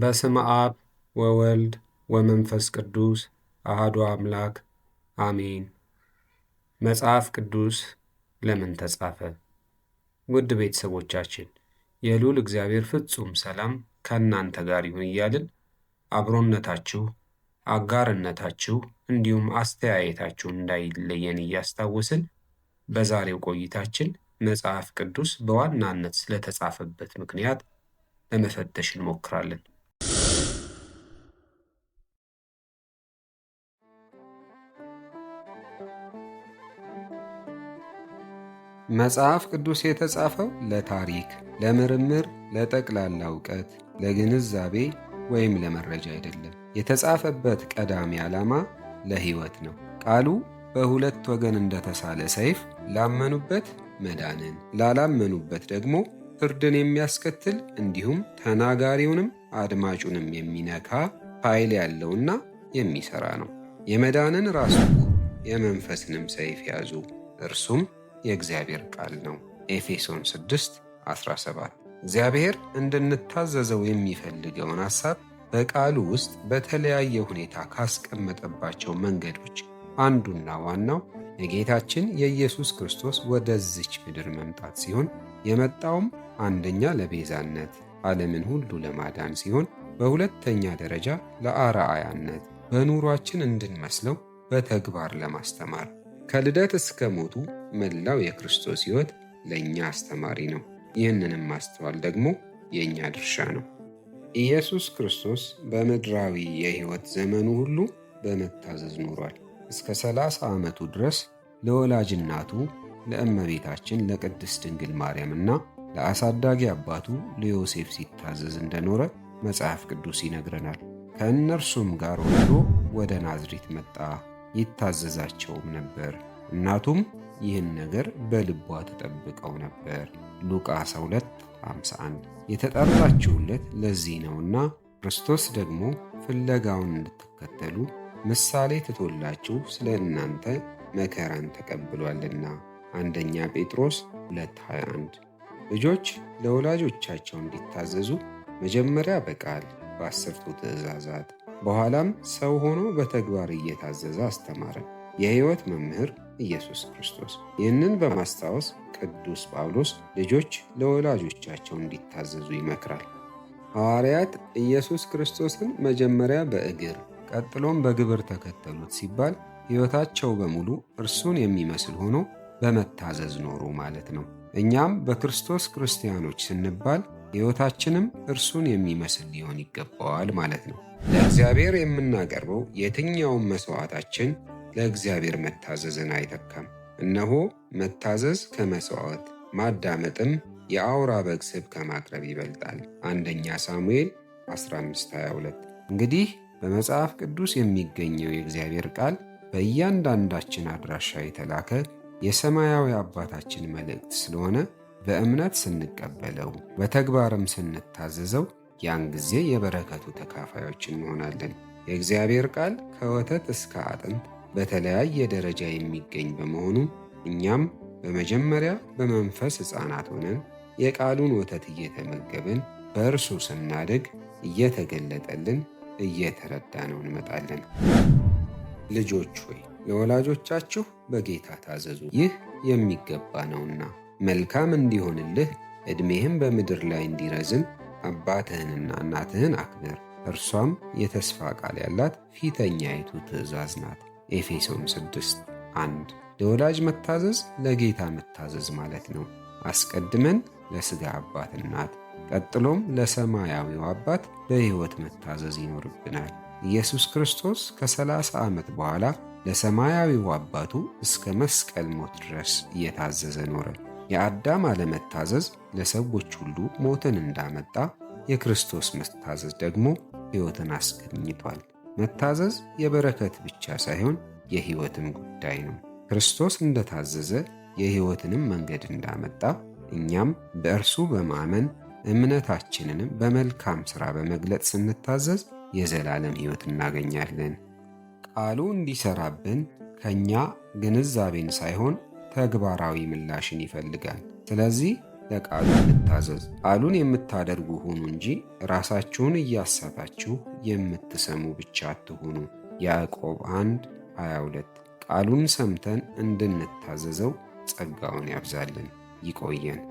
በስም አብ ወወልድ ወመንፈስ ቅዱስ አህዶ አምላክ አሜን። መጽሐፍ ቅዱስ ለምን ተጻፈ? ውድ ቤተሰቦቻችን የልዑል እግዚአብሔር ፍጹም ሰላም ከእናንተ ጋር ይሁን እያልን አብሮነታችሁ፣ አጋርነታችሁ እንዲሁም አስተያየታችሁ እንዳይለየን እያስታወስን በዛሬው ቆይታችን መጽሐፍ ቅዱስ በዋናነት ስለተጻፈበት ምክንያት ለመፈተሽ እንሞክራለን። መጽሐፍ ቅዱስ የተጻፈው ለታሪክ፣ ለምርምር፣ ለጠቅላላ እውቀት፣ ለግንዛቤ ወይም ለመረጃ አይደለም። የተጻፈበት ቀዳሚ ዓላማ ለሕይወት ነው። ቃሉ በሁለት ወገን እንደተሳለ ሰይፍ ላመኑበት መዳንን፣ ላላመኑበት ደግሞ ፍርድን የሚያስከትል እንዲሁም ተናጋሪውንም አድማጩንም የሚነካ ኃይል ያለውና የሚሰራ ነው። የመዳንን ራሱ የመንፈስንም ሰይፍ ያዙ እርሱም የእግዚአብሔር ቃል ነው። ኤፌሶን 6 17 እግዚአብሔር እንድንታዘዘው የሚፈልገውን ሐሳብ በቃሉ ውስጥ በተለያየ ሁኔታ ካስቀመጠባቸው መንገዶች አንዱና ዋናው የጌታችን የኢየሱስ ክርስቶስ ወደዚች ምድር መምጣት ሲሆን የመጣውም አንደኛ ለቤዛነት ዓለምን ሁሉ ለማዳን ሲሆን በሁለተኛ ደረጃ ለአርአያነት በኑሯችን እንድንመስለው በተግባር ለማስተማር ከልደት እስከ ሞቱ መላው የክርስቶስ ሕይወት ለእኛ አስተማሪ ነው። ይህንንም ማስተዋል ደግሞ የእኛ ድርሻ ነው። ኢየሱስ ክርስቶስ በምድራዊ የሕይወት ዘመኑ ሁሉ በመታዘዝ ኖሯል። እስከ 30 ዓመቱ ድረስ ለወላጅ እናቱ ለእመቤታችን ለቅድስት ድንግል ማርያምና ለአሳዳጊ አባቱ ለዮሴፍ ሲታዘዝ እንደኖረ መጽሐፍ ቅዱስ ይነግረናል። ከእነርሱም ጋር ወዶ ወደ ናዝሬት መጣ ይታዘዛቸውም ነበር። እናቱም ይህን ነገር በልቧ ተጠብቀው ነበር። ሉቃስ 2:51 የተጠራችሁለት ለዚህ ነውና ክርስቶስ ደግሞ ፍለጋውን እንድትከተሉ ምሳሌ ትቶላችሁ ስለ እናንተ መከራን ተቀብሏልና። አንደኛ ጴጥሮስ 2:21 ልጆች ለወላጆቻቸው እንዲታዘዙ መጀመሪያ በቃል በአስርቱ ትእዛዛት በኋላም ሰው ሆኖ በተግባር እየታዘዘ አስተማረ። የሕይወት መምህር ኢየሱስ ክርስቶስ። ይህንን በማስታወስ ቅዱስ ጳውሎስ ልጆች ለወላጆቻቸው እንዲታዘዙ ይመክራል። ሐዋርያት ኢየሱስ ክርስቶስን መጀመሪያ በእግር ቀጥሎም በግብር ተከተሉት ሲባል ሕይወታቸው በሙሉ እርሱን የሚመስል ሆኖ በመታዘዝ ኖሩ ማለት ነው። እኛም በክርስቶስ ክርስቲያኖች ስንባል ሕይወታችንም እርሱን የሚመስል ሊሆን ይገባዋል ማለት ነው። ለእግዚአብሔር የምናቀርበው የትኛውም መሥዋዕታችን ለእግዚአብሔር መታዘዝን አይተካም። እነሆ መታዘዝ ከመሥዋዕት ማዳመጥም የአውራ በግ ስብ ከማቅረብ ይበልጣል። አንደኛ ሳሙኤል 1522 እንግዲህ በመጽሐፍ ቅዱስ የሚገኘው የእግዚአብሔር ቃል በእያንዳንዳችን አድራሻ የተላከ የሰማያዊ አባታችን መልእክት ስለሆነ በእምነት ስንቀበለው በተግባርም ስንታዘዘው ያን ጊዜ የበረከቱ ተካፋዮች እንሆናለን። የእግዚአብሔር ቃል ከወተት እስከ አጥንት በተለያየ ደረጃ የሚገኝ በመሆኑ እኛም በመጀመሪያ በመንፈስ ሕፃናት ሆነን የቃሉን ወተት እየተመገብን በእርሱ ስናድግ እየተገለጠልን እየተረዳ ነው እንመጣለን። ልጆች ሆይ ለወላጆቻችሁ በጌታ ታዘዙ፣ ይህ የሚገባ ነውና። መልካም እንዲሆንልህ ዕድሜህም በምድር ላይ እንዲረዝም አባትህንና እናትህን አክብር። እርሷም የተስፋ ቃል ያላት ፊተኛይቱ ትእዛዝ ናት። ኤፌሶን 6 1 ለወላጅ መታዘዝ ለጌታ መታዘዝ ማለት ነው። አስቀድመን ለሥጋ አባት እናት፣ ቀጥሎም ለሰማያዊው አባት በሕይወት መታዘዝ ይኖርብናል። ኢየሱስ ክርስቶስ ከ30 ዓመት በኋላ ለሰማያዊው አባቱ እስከ መስቀል ሞት ድረስ እየታዘዘ ኖረ። የአዳም አለመታዘዝ ለሰዎች ሁሉ ሞትን እንዳመጣ የክርስቶስ መታዘዝ ደግሞ ሕይወትን አስገኝቷል። መታዘዝ የበረከት ብቻ ሳይሆን የሕይወትም ጉዳይ ነው። ክርስቶስ እንደታዘዘ የሕይወትንም መንገድ እንዳመጣ እኛም በእርሱ በማመን እምነታችንንም በመልካም ሥራ በመግለጥ ስንታዘዝ የዘላለም ሕይወት እናገኛለን። ቃሉ እንዲሰራብን ከእኛ ግንዛቤን ሳይሆን ተግባራዊ ምላሽን ይፈልጋል። ስለዚህ ለቃሉ እንታዘዝ። ቃሉን የምታደርጉ ሁኑ እንጂ ራሳችሁን እያሳታችሁ የምትሰሙ ብቻ አትሁኑ። ያዕቆብ 1 22 ቃሉን ሰምተን እንድንታዘዘው ጸጋውን ያብዛልን። ይቆየን።